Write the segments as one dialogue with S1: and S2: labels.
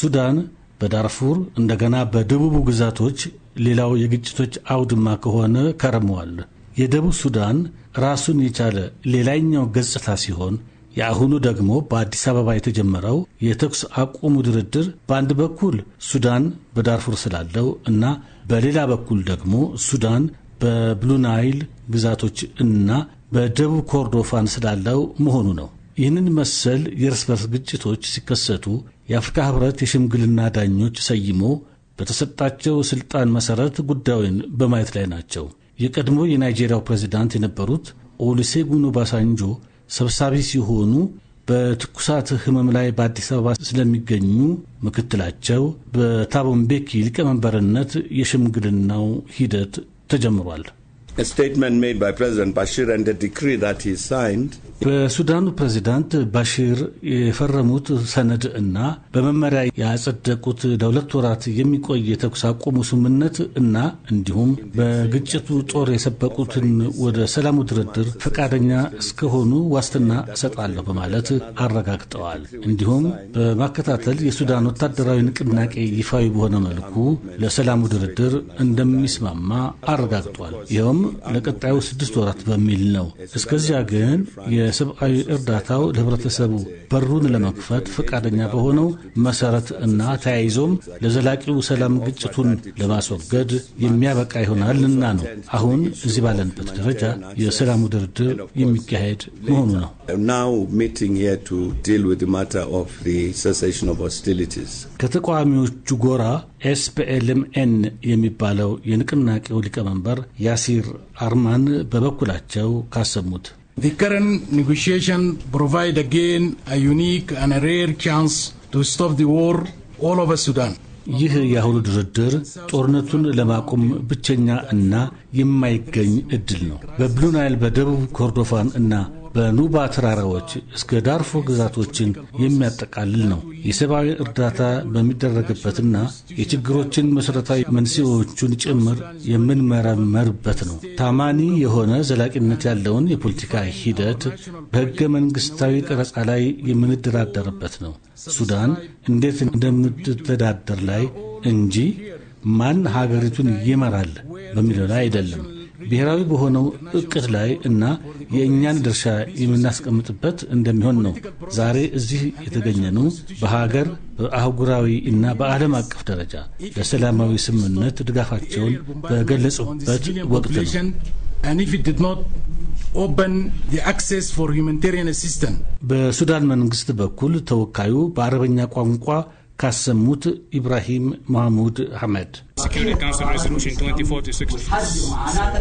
S1: ሱዳን በዳርፉር እንደገና በደቡቡ ግዛቶች ሌላው የግጭቶች አውድማ ከሆነ ከርመዋል። የደቡብ ሱዳን ራሱን የቻለ ሌላኛው ገጽታ ሲሆን የአሁኑ ደግሞ በአዲስ አበባ የተጀመረው የተኩስ አቁሙ ድርድር በአንድ በኩል ሱዳን በዳርፉር ስላለው እና በሌላ በኩል ደግሞ ሱዳን በብሉናይል ግዛቶች እና በደቡብ ኮርዶፋን ስላለው መሆኑ ነው። ይህንን መሰል የእርስ በርስ ግጭቶች ሲከሰቱ የአፍሪካ ህብረት የሽምግልና ዳኞች ሰይሞ በተሰጣቸው ስልጣን መሰረት ጉዳዩን በማየት ላይ ናቸው። የቀድሞ የናይጄሪያው ፕሬዚዳንት የነበሩት ኦሉሴጉን ኦባሳንጆ ሰብሳቢ ሲሆኑ በትኩሳት ህመም ላይ በአዲስ አበባ ስለሚገኙ ምክትላቸው በታቦምቤኪ ሊቀመንበርነት የሽምግልናው ሂደት ተጀምሯል። በሱዳኑ ፕሬዚዳንት ባሺር የፈረሙት ሰነድ እና በመመሪያ ያጸደቁት ለሁለት ወራት የሚቆይ የተኩስ አቁሙ ስምምነት እና እንዲሁም በግጭቱ ጦር የሰበቁትን ወደ ሰላሙ ድርድር ፈቃደኛ እስከሆኑ ዋስትና እሰጣለሁ በማለት አረጋግጠዋል። እንዲሁም በማከታተል የሱዳን ወታደራዊ ንቅናቄ ይፋዊ በሆነ መልኩ ለሰላሙ ድርድር እንደሚስማማ አረጋግጧል። ይኸውም ለቀጣዩ ስድስት ወራት በሚል ነው። እስከዚያ ግን የሰብአዊ እርዳታው ለህብረተሰቡ በሩን ለመክፈት ፈቃደኛ በሆነው መሰረት እና ተያይዞም ለዘላቂው ሰላም ግጭቱን ለማስወገድ የሚያበቃ ይሆናልና ነው አሁን እዚህ ባለንበት ደረጃ የሰላሙ ድርድር የሚካሄድ መሆኑ ነው። ከተቃዋሚዎቹ ጎራ ኤስፒኤልኤምኤን የሚባለው የንቅናቄው ሊቀመንበር ያሲር አርማን በበኩላቸው ካሰሙት The current negotiation provide again a unique and a rare chance to stop the war all over ይህ የአሁኑ ድርድር ጦርነቱን ለማቆም ብቸኛ እና የማይገኝ እድል ነው። በብሉ ናይል፣ በደቡብ ኮርዶፋን እና በኑባ ተራራዎች እስከ ዳርፎ ግዛቶችን የሚያጠቃልል ነው። የሰብአዊ እርዳታ በሚደረግበትና የችግሮችን መሠረታዊ መንስኤዎቹን ጭምር የምንመረመርበት ነው። ታማኒ የሆነ ዘላቂነት ያለውን የፖለቲካ ሂደት በሕገ መንግሥታዊ ቀረጻ ላይ የምንደራደርበት ነው። ሱዳን እንዴት እንደምትተዳደር ላይ እንጂ ማን ሀገሪቱን ይመራል በሚለው ላይ አይደለም። ብሔራዊ በሆነው እቅድ ላይ እና የእኛን ድርሻ የምናስቀምጥበት እንደሚሆን ነው። ዛሬ እዚህ የተገኘነው በሀገር በአህጉራዊ እና በዓለም አቀፍ ደረጃ ለሰላማዊ ስምምነት ድጋፋቸውን በገለጹበት ወቅት ነው። በሱዳን መንግስት በኩል ተወካዩ በአረበኛ ቋንቋ ካሰሙት ኢብራሂም መሐሙድ አህመድ።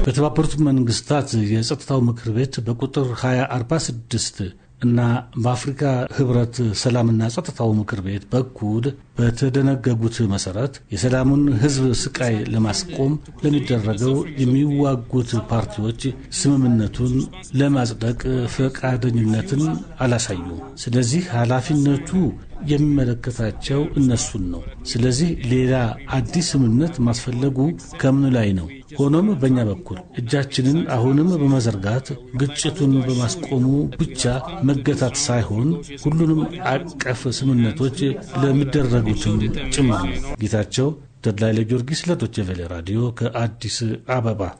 S1: በተባበሩት መንግስታት የጸጥታው ምክር ቤት በቁጥር 2046 እና በአፍሪካ ህብረት ሰላምና ጸጥታው ምክር ቤት በኩል በተደነገጉት መሰረት የሰላሙን ህዝብ ስቃይ ለማስቆም ለሚደረገው የሚዋጉት ፓርቲዎች ስምምነቱን ለማጽደቅ ፈቃደኝነትን አላሳዩም። ስለዚህ ኃላፊነቱ የሚመለከታቸው እነሱን ነው። ስለዚህ ሌላ አዲስ ስምምነት ማስፈለጉ ከምኑ ላይ ነው? ሆኖም በእኛ በኩል እጃችንን አሁንም በመዘርጋት ግጭቱን በማስቆሙ ብቻ መገታት ሳይሆን ሁሉንም አቀፍ ስምምነቶች ለሚደረ ባለጉዳዮችም ጭምር ጌታቸው ተድላይ ለጊዮርጊስ ለዶቼ ቬለ ራዲዮ ከአዲስ አበባ